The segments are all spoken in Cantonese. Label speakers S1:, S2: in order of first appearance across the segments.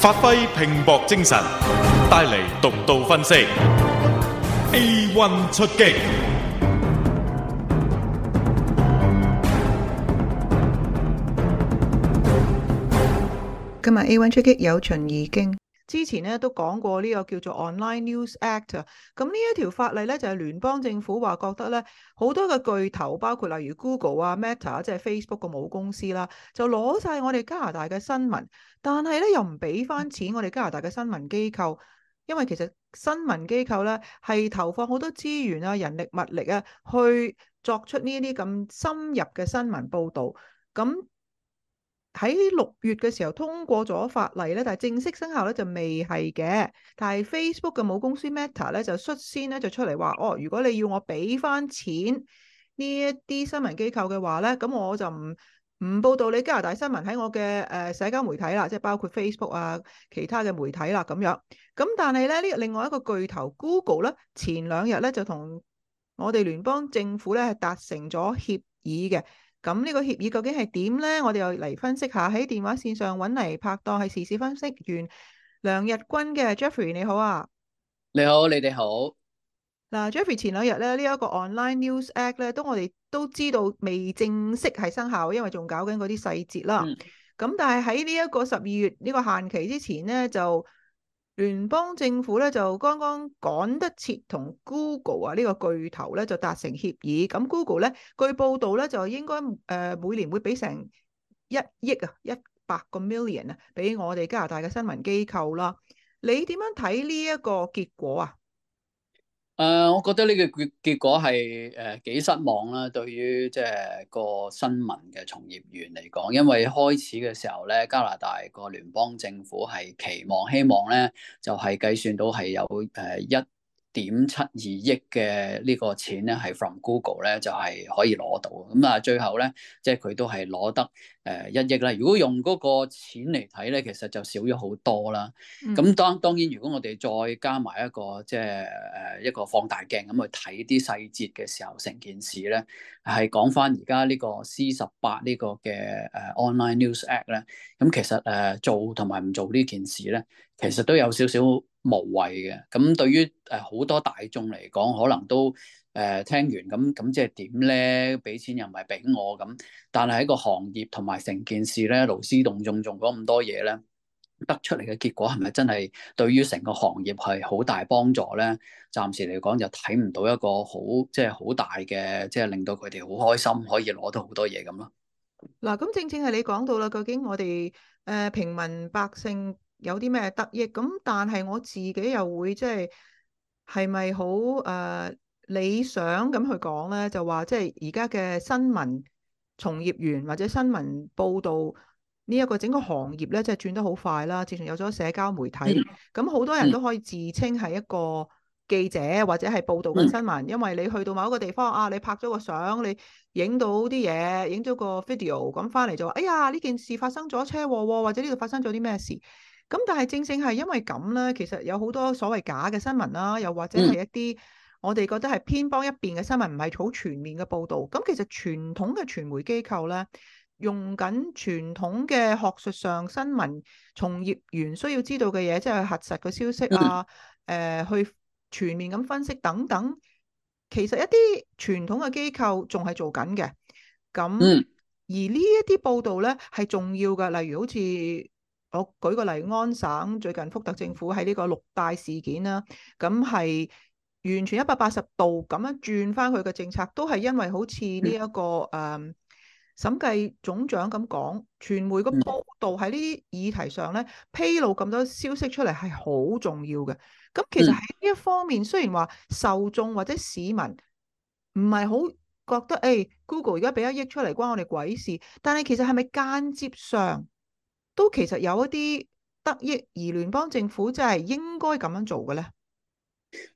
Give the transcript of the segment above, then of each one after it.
S1: 發揮拼搏精神，帶嚟獨到分析。A one 出擊，今日 A one 出擊有陳爾敬。之前咧都講過呢個叫做 Online News Act，咁呢一條法例咧就係聯邦政府話覺得咧好多嘅巨頭，包括例如 Google 啊、Meta 即係 Facebook 個母公司啦，就攞晒我哋加拿大嘅新聞，但係咧又唔俾翻錢我哋加拿大嘅新聞機構，因為其實新聞機構咧係投放好多資源啊、人力物力啊，去作出呢啲咁深入嘅新聞報導，咁。喺六月嘅時候通過咗法例咧，但係正式生效咧就未係嘅。但係 Facebook 嘅母公司 Meta 咧就率先咧就出嚟話哦，如果你要我俾翻錢呢一啲新聞機構嘅話咧，咁我就唔唔報道你加拿大新聞喺我嘅誒、呃、社交媒體啦，即係包括 Facebook 啊，其他嘅媒體啦咁樣。咁但係咧呢另外一個巨頭 Google 咧，前兩日咧就同我哋聯邦政府咧係達成咗協議嘅。咁呢個協議究竟係點咧？我哋又嚟分析下喺電話線上搵嚟拍檔係時事分析員梁日君嘅 Jeffrey，你好啊！
S2: 你好，你哋好。
S1: 嗱，Jeffrey 前兩日咧呢一個 Online News Act 咧，都我哋都知道未正式係生效，因為仲搞緊嗰啲細節啦。咁、嗯、但係喺呢一個十二月呢個限期之前咧就。聯邦政府咧就剛剛趕得切同 Google 啊呢、呢個巨頭咧就達成協議，咁 Google 咧據報道咧就應該誒、呃、每年會俾成一億啊一百個 million 啊俾我哋加拿大嘅新聞機構啦，你點樣睇呢一個結果啊？
S2: 誒，uh, 我覺得呢個結結果係誒幾失望啦，對於即係、就是、個新聞嘅從業員嚟講，因為開始嘅時候咧，加拿大個聯邦政府係期望希望咧，就係、是、計算到係有誒一點七二億嘅呢個錢咧，係 from Google 咧，就係、是、可以攞到。咁啊，最後咧，即係佢都係攞得誒一億啦。如果用嗰個錢嚟睇咧，其實就少咗好多啦。咁當、嗯、當然，如果我哋再加埋一個即係誒一個放大鏡咁去睇啲細節嘅時候，成件事咧係講返而家呢個 C 十八呢個嘅誒 online news Act 咧，咁其實誒做同埋唔做呢件事咧，其實都有少少。無謂嘅，咁對於誒好多大眾嚟講，可能都誒、呃、聽完咁咁即係點咧？俾錢又唔係俾我咁，但係喺個行業同埋成件事咧，勞師動眾做咗咁多嘢咧，得出嚟嘅結果係咪真係對於成個行業係好大幫助咧？暫時嚟講就睇唔到一個好即係好大嘅，即係令到佢哋好開心可以攞到好多嘢咁咯。
S1: 嗱，咁正正係你講到啦，究竟我哋誒、呃、平民百姓。有啲咩得益？咁但係我自己又會即係係咪好誒理想咁去講咧？就話即係而家嘅新聞從業員或者新聞報道呢一個整個行業咧，即係轉得好快啦。自從有咗社交媒體，咁好多人都可以自稱係一個記者或者係報道緊新聞。嗯、因為你去到某一個地方啊，你拍咗個相，你影到啲嘢，影咗個 video，咁翻嚟就話哎呀呢件事發生咗車禍、啊，或者呢度發生咗啲咩事。咁但係正正係因為咁咧，其實有好多所謂假嘅新聞啦，又或者係一啲我哋覺得係偏幫一邊嘅新聞，唔係好全面嘅報道。咁其實傳統嘅傳媒機構咧，用緊傳統嘅學術上新聞從業員需要知道嘅嘢，即係核實嘅消息啊，誒、呃，去全面咁分析等等。其實一啲傳統嘅機構仲係做緊嘅。咁，而呢一啲報道咧係重要嘅，例如好似。我舉個例，安省最近福特政府喺呢個綠帶事件啦，咁係完全一百八十度咁樣轉翻佢嘅政策，都係因為好似呢一個誒、嗯嗯、審計總長咁講，傳媒嘅報道喺呢啲議題上咧披露咁多消息出嚟係好重要嘅。咁其實喺呢一方面，嗯、雖然話受眾或者市民唔係好覺得，誒、欸、Google 而家俾一億出嚟關我哋鬼事，但係其實係咪間接上？都其實有一啲得益，而聯邦政府即係應該咁樣做嘅咧。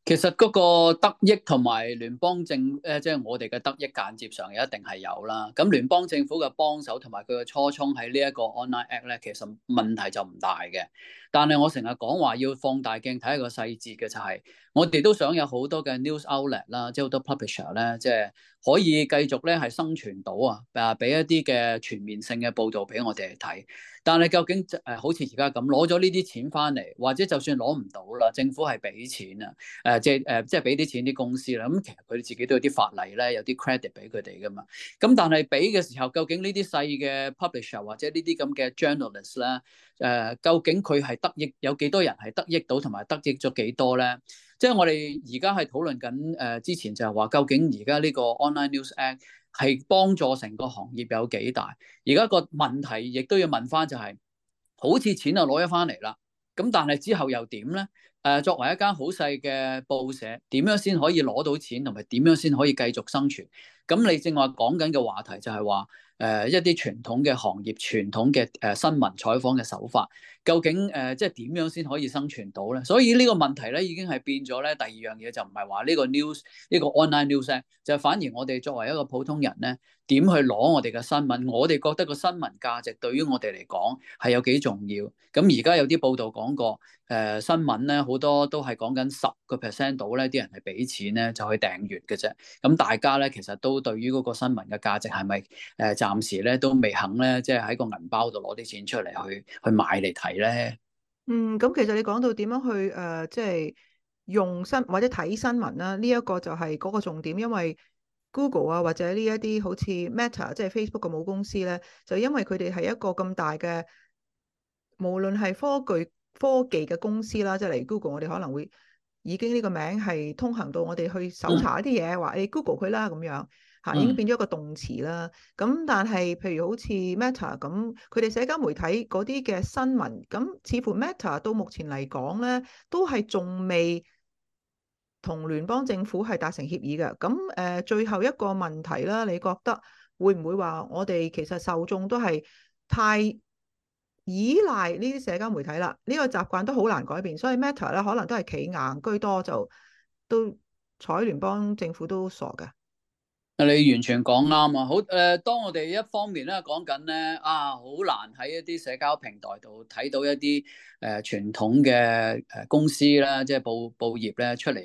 S2: 其實嗰個得益同埋聯邦政，誒即係我哋嘅得益間接上一定係有啦。咁聯邦政府嘅幫手同埋佢嘅初衷喺呢一個 Online Act 咧，其實問題就唔大嘅。但係我成日講話要放大鏡睇一個細節嘅就係、是，我哋都想有好多嘅 news outlet 啦，即係好多 publisher 咧、就是，即係。可以繼續咧係生存到啊！誒、呃，俾一啲嘅全面性嘅報導俾我哋睇。但係究竟誒、呃，好似而家咁攞咗呢啲錢翻嚟，或者就算攞唔到啦，政府係俾錢啊！誒、呃，即係誒、呃，即係俾啲錢啲公司啦。咁、嗯、其實佢哋自己都有啲法例咧，有啲 credit 俾佢哋噶嘛。咁但係俾嘅時候，究竟呢啲細嘅 publisher 或者呢啲咁嘅 journalist 啦、呃，誒，究竟佢係得益，有幾多人係得益到，同埋得益咗幾多咧？即係我哋而家係討論緊，誒，之前就係話究竟而家呢個 Online News Act 係幫助成個行業有幾大？而家個問題亦都要問翻就係，好似錢就攞咗翻嚟啦，咁但係之後又點咧？誒，作為一間好細嘅報社，點樣先可以攞到錢同埋點樣先可以繼續生存？咁你正話講緊嘅話題就係話。誒、呃，一啲傳統嘅行業、傳統嘅誒、呃、新聞採訪嘅手法，究竟誒、呃、即係點樣先可以生存到咧？所以呢個問題咧，已經係變咗咧。第二樣嘢就唔係話呢個 news 呢個 online news 咧，就，s, news，就反而我哋作為一個普通人咧。點去攞我哋嘅新聞？我哋覺得個新聞價值對於我哋嚟講係有幾重要。咁而家有啲報導講過，誒、呃、新聞咧好多都係講緊十個 percent 度咧，啲人係俾錢咧就去訂閱嘅啫。咁大家咧其實都對於嗰個新聞嘅價值係咪誒暫時咧都未肯咧，即係喺個銀包度攞啲錢出嚟去去買嚟睇咧？
S1: 嗯，咁其實你講到點樣去誒，即、呃、係、就是、用新或者睇新聞啦，呢、這、一個就係嗰個重點，因為，Google 啊，或者呢一啲好似 Meta，即係 Facebook 個母公司咧，就因為佢哋係一個咁大嘅，無論係科巨科技嘅公司啦，即係例如 Google，我哋可能會已經呢個名係通行到我哋去搜查一啲嘢，話誒 Google 佢啦咁樣嚇，已經變咗一個動詞啦。咁但係譬如好似 Meta 咁，佢哋社交媒體嗰啲嘅新聞，咁似乎 Meta 到目前嚟講咧，都係仲未。同聯邦政府係達成協議嘅，咁誒、呃、最後一個問題啦，你覺得會唔會話我哋其實受眾都係太依賴呢啲社交媒體啦？呢、呢個習慣都好難改變，所以 Meta 咧可能都係企硬居多，就都睬聯邦政府都傻嘅。
S2: 你完全講啱啊！好誒，當我哋一方面咧講緊咧啊，好難喺一啲社交平台度睇到一啲誒傳統嘅誒公司咧，即係報報業咧出嚟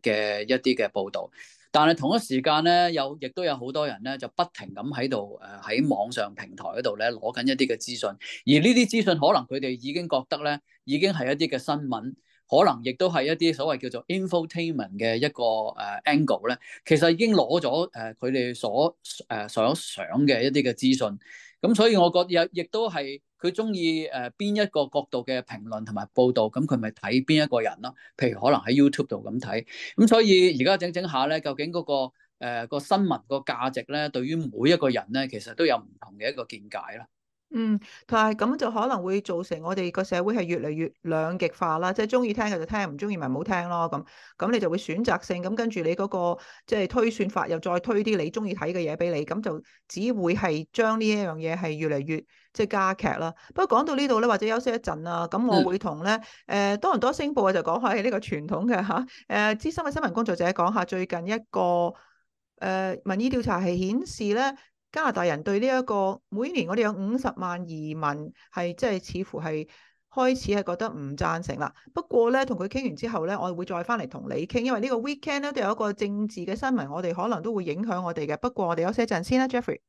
S2: 誒嘅一啲嘅報道。但係同一時間咧，有亦都有好多人咧就不停咁喺度誒喺網上平台嗰度咧攞緊一啲嘅資訊，而呢啲資訊可能佢哋已經覺得咧已經係一啲嘅新聞。可能亦都係一啲所謂叫做 infotainment 嘅一個誒 angle 咧，其實已經攞咗誒佢哋所誒、呃、所想嘅一啲嘅資訊，咁所以我覺得亦亦都係佢中意誒邊一個角度嘅評論同埋報導，咁佢咪睇邊一個人咯？譬如可能喺 YouTube 度咁睇，咁所以而家整整下咧，究竟嗰、那個誒、呃、個新聞個價值咧，對於每一個人咧，其實都有唔同嘅一個見解咯。
S1: 嗯，但係咁就可能會造成我哋個社會係越嚟越兩極化啦，即係中意聽嘅就聽，唔中意咪唔好聽咯。咁咁你就會選擇性咁跟住你嗰、那個即係、就是、推算法，又再推啲你中意睇嘅嘢俾你，咁就只會係將呢一樣嘢係越嚟越即係、就是、加劇啦。不過講到呢度咧，或者休息一陣啊，咁我會同咧誒多倫多星報啊，就講下呢個傳統嘅嚇誒資深嘅新聞工作者講下最近一個誒、呃、民意調查係顯示咧，加拿大人對呢一個每年我哋有五十萬移民係，即係似乎係開始係覺得唔贊成啦。不過咧，同佢傾完之後咧，我哋會再翻嚟同你傾，因為呢個 weekend 咧都有一個政治嘅新聞，我哋可能都會影響我哋嘅。不過我哋休息一陣先啦，Jeffrey。